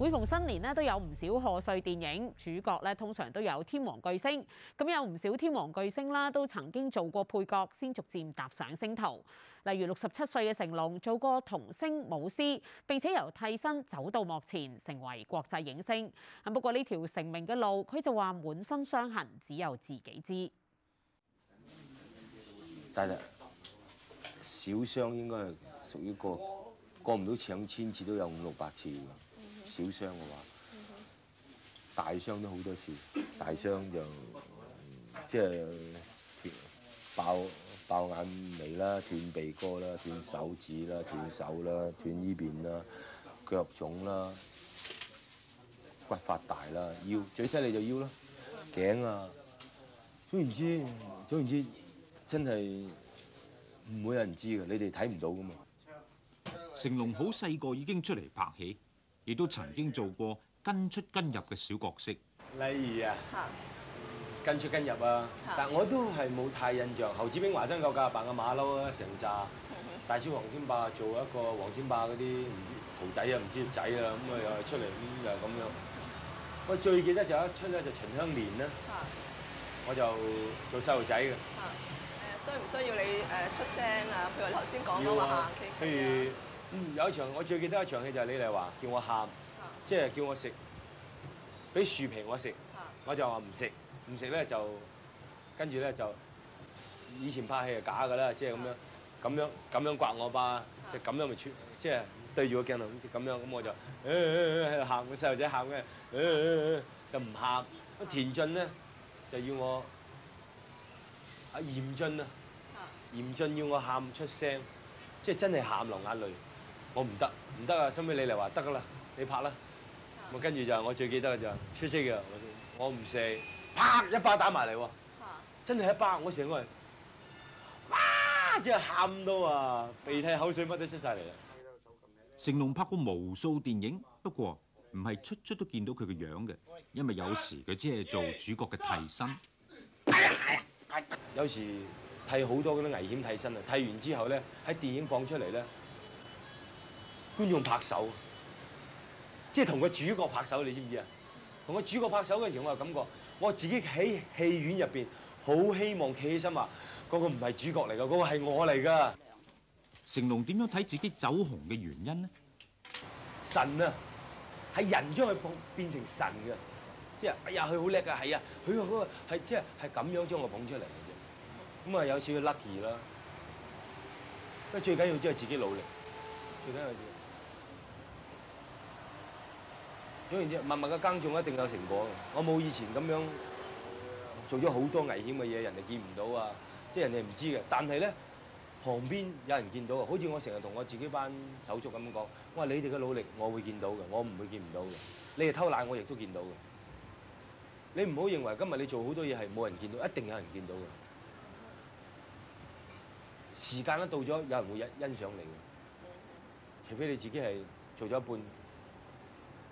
每逢新年呢，都有唔少賀歲電影，主角咧通常都有天王巨星。咁有唔少天王巨星啦，都曾經做過配角，先逐漸踏上星途。例如六十七歲嘅成龍，做過童星、武師，並且由替身走到幕前，成為國際影星。不過呢條成名嘅路，佢就話滿身傷痕，只有自己知。大隻小傷應該係屬於過過唔到上千次都有五六百次。小傷嘅話，大傷都好多次。大傷就即係、斷、爆爆眼眉啦，斷鼻哥啦，斷手指啦，斷手啦，斷呢邊啦，腳腫啦，骨發大啦，腰最犀利就腰啦，頸啊。總言之，總言之，真係唔會有人知嘅，你哋睇唔到㗎嘛。成龍好細個已經出嚟拍戲。亦都曾經做過跟出跟入嘅小角色，例如啊，跟出跟入啊，但我都係冇太印象。侯子兵華真夠㗎，扮個馬騮啊，成扎；大小黃天霸做一個黃天霸嗰啲唔知徒仔啊，唔知仔啊，咁啊又係出嚟咁又咁樣。我最記得就一出咧，就秦香蓮啦，我就做細路仔嘅。誒，需唔需要你誒出聲啊？譬如頭先講嗰話，譬如。有一場我最記得一場戲就係李麗華叫我喊，即係叫我食，俾樹皮我食，我就話唔食，唔食咧就跟住咧就以前拍戲係假㗎啦，即係咁樣咁樣咁樣刮我巴，即係咁樣咪出，即係對住個鏡頭啊，咁樣咁我就喺度喊，個細路仔喊嘅，就唔喊。田俊咧就要我阿嚴俊啊，嚴俊要我喊出聲，即係真係喊流眼淚。我唔得，唔得啊！收尾你嚟話得㗎啦，你拍啦。咁跟住就係、我最記得嘅、就係，就出色嘅，我唔射，啪一巴打埋嚟喎，真係一巴，我成個人哇！真係喊到啊，鼻涕口水乜都出晒嚟啦。成龍拍過無數電影，不過唔係出出都見到佢嘅樣嘅，因為有時佢只係做主角嘅替身。哎呀哎呀，有時替好多嗰啲危險替身啊！替完之後咧，喺電影放出嚟咧。觀眾拍手，即係同個主角拍手，你知唔知啊？同個主角拍手嘅時候，我係感覺我自己喺戲院入邊，好希望企起身話：嗰、嗰個唔係主角嚟㗎，嗰、嗰個係我嚟㗎。成龍點樣睇自己走紅嘅原因咧？神啊，係人將佢捧變成神嘅，即係哎呀，佢好叻啊，係啊、嗰個，佢嗰個係即係係咁樣將我捧出嚟嘅啫。咁啊，有少少 lucky 啦，不過最緊要都係自己努力，最緊要。總言之，默默嘅耕種一定有成果。我冇以前咁樣做咗好多危險嘅嘢，人哋見唔到啊！即係人哋唔知嘅。但係咧，旁邊有人見到啊！好似我成日同我自己班手足咁樣講，我話你哋嘅努力，我會見到嘅，我唔會見唔到嘅。你係偷懶，我亦都見到嘅。你唔好認為今日你做好多嘢係冇人見到，一定有人見到嘅。時間一到咗，有人會欣賞你嘅。除非你自己係做咗一半。